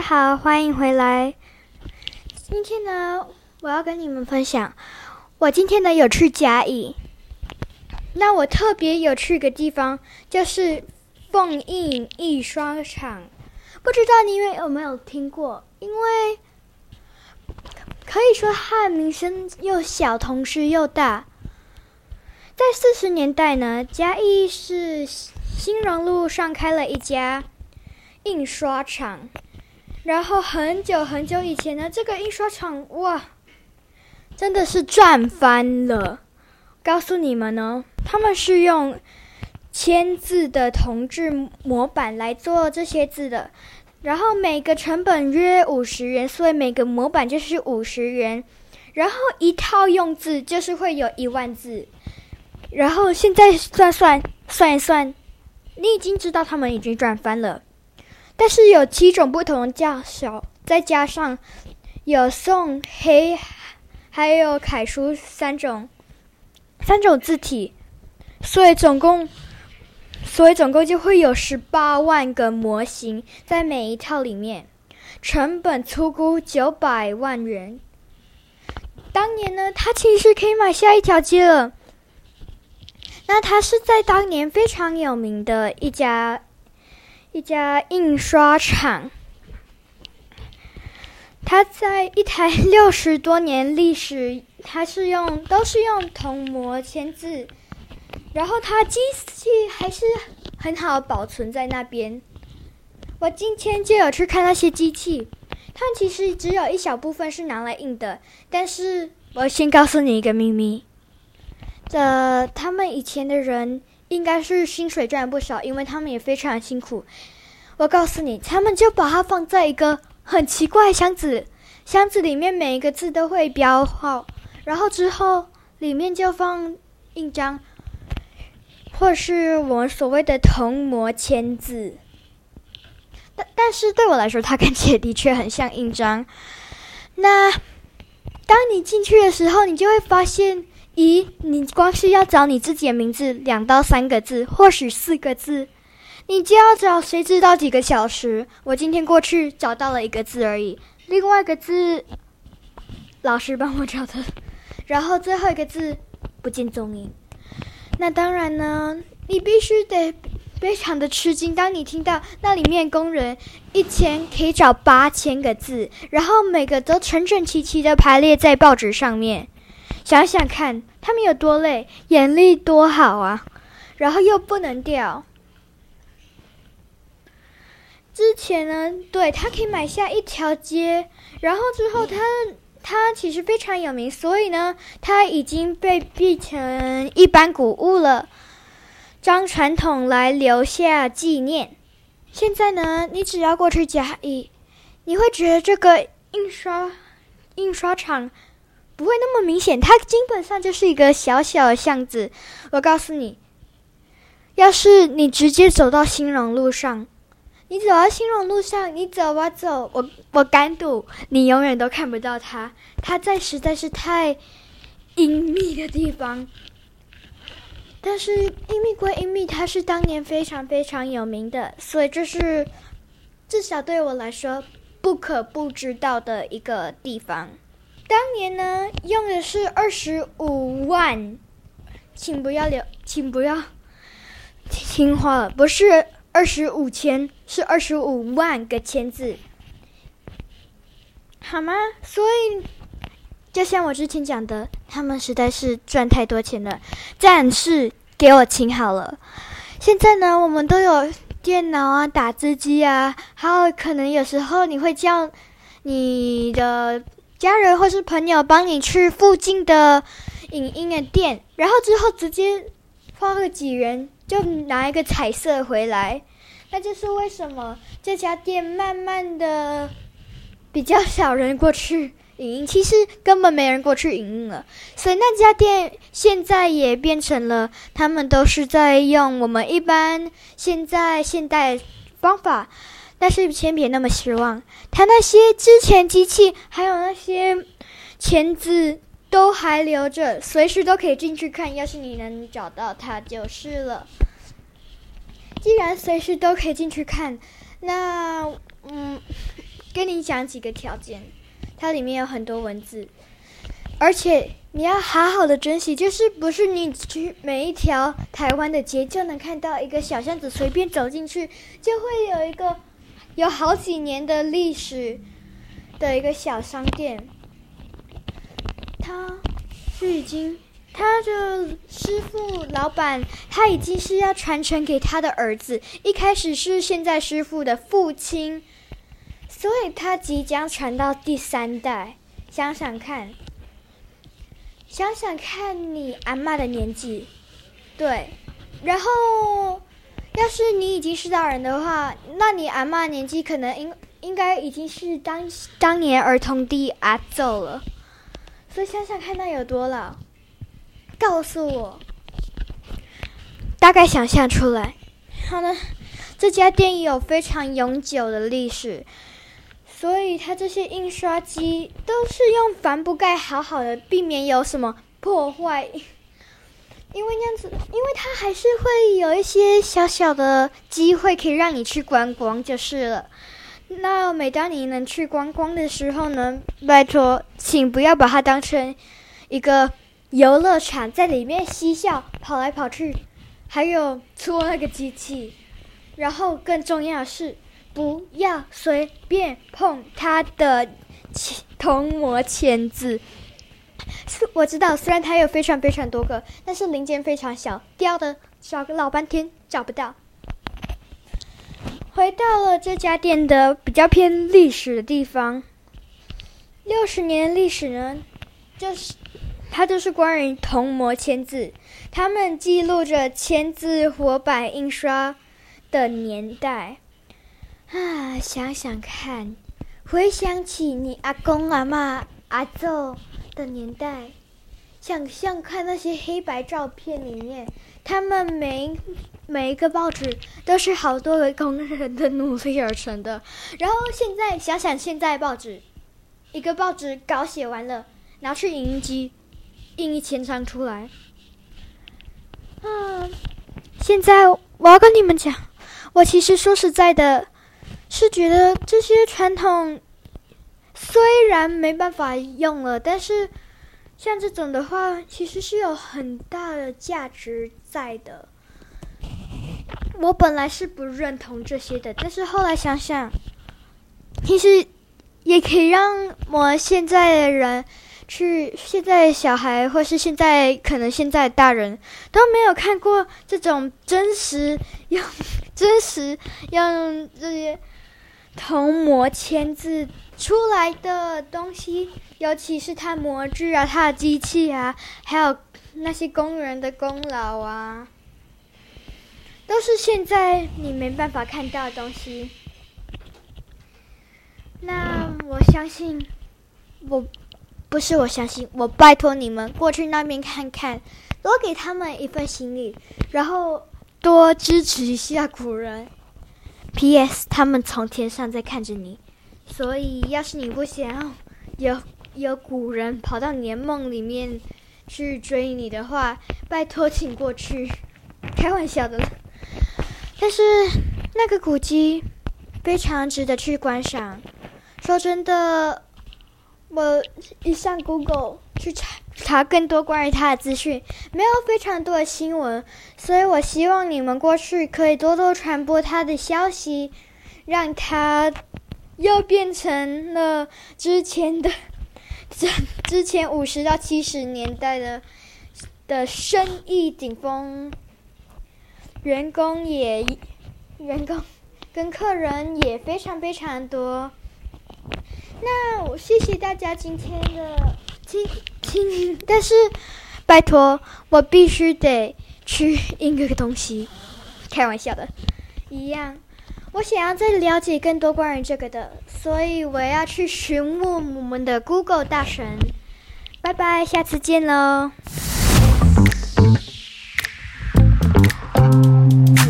大家好，歡迎回來。今天呢，我要跟你們分享，我今天呢有去嘉義。那我特別有趣的地方就是豐益印刷廠，不知道你們有沒有聽過？因為可以說它的名聲又小，同時又大。在四十年代呢，嘉義是新榮路上開了一家印刷廠。然後很久很久以前呢，這個印刷廠哇，真的是賺翻了！告訴你們哦，他們是用鉛字的銅製模板來做這些字的，然後每個成本約五十元，所以每個模板就是五十元，然後一套用字就是會有一萬字，然後現在算算算一算，你已經知道他們已經賺翻了。但是有七種不同大小，再加上有宋黑還有楷書三種三種字體，所以總共所以總共就會有十八萬個模型在每一套裡面，成本粗估九百萬元。當年呢，他其實可以買下一條街了。那他是在當年非常有名的一家。一家印刷廠，它在一台六十多年歷史，它是用都是用銅模鉛字，然後它機器還是很好保存在那邊。我今天就有去看那些機器，它其實只有一小部分是拿來印的，但是我先告訴你一個秘密，這他們以前的人。應該是薪水賺不少，因為他們也非常辛苦。我告訴你，他們就把它放在一個很奇怪的箱子，箱子裡面每一個字都會標號，然後之後裡面就放印章，或是我們所謂的銅模鉛字。但但是對我來說，它看起來的確很像印章。那當你進去的時候，你就會發現。咦，你光是要找你自己的名字，兩到三個字，或許四個字，你就要找誰知道幾個小時？我今天過去找到了一個字而已，另外一個字，老師幫我找的，然後最後一個字不見蹤影。那當然呢，你必須得非常的吃驚，當你聽到那裡面工人一天可以找八千個字，然後每個都整整齊齊的排列在報紙上面。想想看，他們有多累，眼力多好啊，然後又不能掉。之前呢，對，他可以買下一條街，然後之後他他其實非常有名，所以呢，他已經被逼成一般古物了，張傳統來留下紀念。現在呢，你只要過去嘉義，你會覺得這個印刷印刷廠。不會那麼明顯，它基本上就是一個小小的巷子。我告訴你，要是你直接走到興隆路上，你走到興隆路上，你走啊，你走，啊走，我我敢賭，你永遠都看不到它。它在實在是太隱秘的地方。但是隱秘歸隱秘，它是當年非常非常有名的，所以這，就是至少對我來說不可不知道的一個地方。當年呢，用的是二十五萬，請不要留，請不要，聽話了，不是二十五千，是二十五萬個鉛字，好嗎？所以，就像我之前講的，他們實在是賺太多錢了，暫時給我請好了。現在呢，我們都有電腦啊，打字機啊，還有可能有時候你會叫你的。家人或是朋友幫你去附近的影印的店，然後之後直接花個幾元就拿一個彩色回來。那就是為什麼這家店慢慢的比較少人過去影印，其實根本沒人過去影印了。所以那家店現在也變成了，他們都是在用我們一般現在現代方法。但是先別那麼失望，他那些之前機器還有那些鉛字都還留着，隨時都可以進去看。要是你能找到它就是了。既然隨時都可以進去看，那嗯，跟你講幾個條件。它裡面有很多文字，而且你要好好的珍惜。就是不是你去每一條台灣的街就能看到一個小巷子，隨便走進去就會有一個。有好幾年的歷史的一個小商店，他已經，他的師傅老闆他已經是要傳承給他的兒子。一開始是現在師傅的父親，所以他即將傳到第三代。想想看，想想看你阿嬤的年紀，對，然後。要是你已經是大人的話，那你阿嬤年紀可能應應該已經是當當年兒童的阿祖了，所以想想看那有多老，告訴我，大概想象出來。好了，這家店有非常永久的歷史，所以它這些印刷機都是用帆布蓋好好的，避免有什麼破壞。因為那樣子，因為他還是會有一些小小的機會可以讓你去觀光就是了。那每當你能去觀光的時候呢，拜托，請不要把它當成一個遊樂場，在裡面嬉笑、跑來跑去，還有搓那個機器。然後更重要的是，不要隨便碰它的銅模鉛字。我知道，雖然它有非常非常多個，但是零件非常小，掉的找個老半天找不到。回到了這家店的比較偏歷史的地方，六十年歷史呢，就是它就是關於銅模鉛字，他們記錄着鉛字活版印刷的年代。啊，想想看，回想起你阿公阿嬤阿祖，的年代，想象看那些黑白照片裡面，他們每每一個報紙都是好多個工人的努力而成的。然後現在想想，現在報紙，一個報紙稿寫完了，拿去影印機，印一千張出來。嗯、啊，現在我要跟你們講，我其實說實在的，是覺得這些傳統。雖然沒辦法用了，但是像這種的話，其實是有很大的價值在的。我本來是不認同這些的，但是後來想想，其實也可以讓我現在的人去現在小孩，或是現在可能現在大人，都沒有看過這種真實用、真實用這些。銅模鉛字出來的東西，尤其是它模具啊、它的機器啊，還有那些工人的功勞啊，都是現在你沒辦法看到的東西。那我相信，我，不是我相信，我拜託你們過去那邊看看，多給他們一份行李，然後多支持一下古人。P.S. 他們從天上在看着你，所以要是你不想要有有古人跑到你夢裡面去追你的話，拜托請過去。開玩笑的，但是那個古蹟非常值得去觀賞。說真的，我一上 Google 去查。查更多關於他的資訊，沒有非常多的新聞，所以我希望你們過去可以多多傳播他的消息，讓他又變成了之前的，之之前五十到七十年代的的生意頂峰。員工也，員工跟客人也非常非常多。那我謝謝大家今天的今。 但是，拜託，我必須得去印一個東西。開玩笑的，一樣。我想要再了解更多關於這個的，所以我要去詢問我們的 Google 大神。拜拜，下次見嘍。嗯